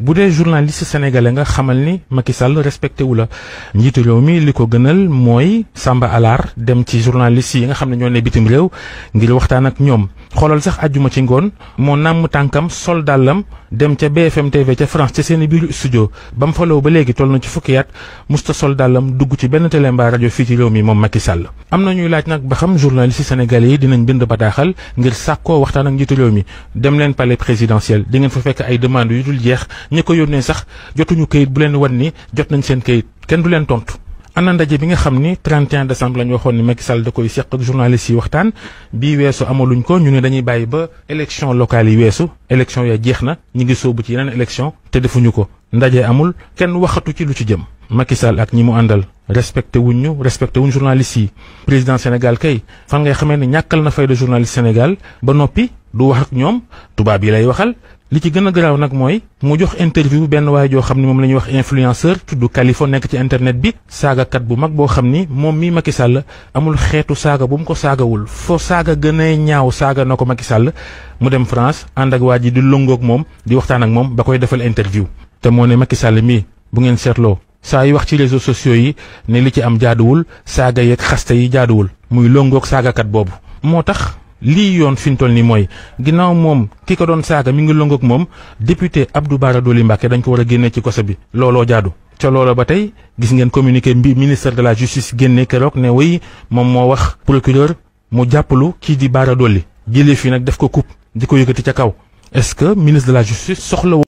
bu dee journaliste sénégalais nga xamal ni Macky Sall respecté wu la njiitu réew mi li ko gënal mooy Samba Alar dem ci journaliste yi nga xam ne ñoo ne bitim réew ngir waxtaan ak ñoom xoolal sax àjjuma ci ngoon moo nàmm tànkam sol dàllam dem ca BFM TV ca France ca seeni biiru studio ba mu faloo ba léegi toll na ci fukki at musta sol dàllam dugg ci benn télé mbaa rajo fii ci réew mi moom Macky Sall. am na ñuy laaj nag ba xam journaliste sénégalais yi dinañ bind bataaxal ngir sàkkoo waxtaan ak njiitu réew mi dem leen palais présidentiel di ngeen fa fekk ay demandes yu dul jeex ñi ko yónnee sax jotuñu kayit bu leen wan ni jot nañ seen kayit kenn leen tontu. ana ndaje bi nga xam ni 31 décembre la ñu waxoon ni Macky Sall da koy seq ak journaliste yi waxtaan bii weesu amaluñ ko ñu ne dañuy bàyyi ba élection locale yi weesu élection ya jeex na ñu ngi sóobu ci yeneen élection te defuñu ko ndaje amul kenn waxatu ci lu ci jëm. Macky Sall ak ñi mu àndal respecté wu ñu respecté wuñ journaliste yi président Sénégal kay fan ngay xamee ne ñàkkal na fayda journaliste Sénégal ba noppi du wax ak ñoom tubaab yi lay waxal. li ci gëna graw nak moy mu jox interview ben way jo xamni mom lañuy wax influenceur tuddu califo nek ci internet bi kat bu mag bo xamni mom mi Macky Sall amul xéetu saga bu mu ko saagawul foo saaga saga a ñaaw saga nako Macky Sall mu dem France anda ak waji mom, di lëngoog mom, di waxtaan ak mom bakoy defal interview. te mo ne Macky Sall mi bu ngeen seetloo sa yi wax ci réseaux sociaux yi ne li ci am jaaduwul saaga xasta yi jaaduwul muy saga kat bobu motax lii yoon fi ñu toll nii mooy ginnaaw moom ki ko doon saaga mi ngi lëngoog moom député Abdou Bara Dolly Mbacké dañ ko war a génne ci koso bi looloo jaadu. ca loola ba tey gis ngeen communiqué bi ministère de la justice génne keroog ne wéy moom moo wax procureur mu jàppalu kii di Bara Dolly jëlee fii nag def ko coupe di ko yëkkati ca kaw est-ce que ministre de la justice soxla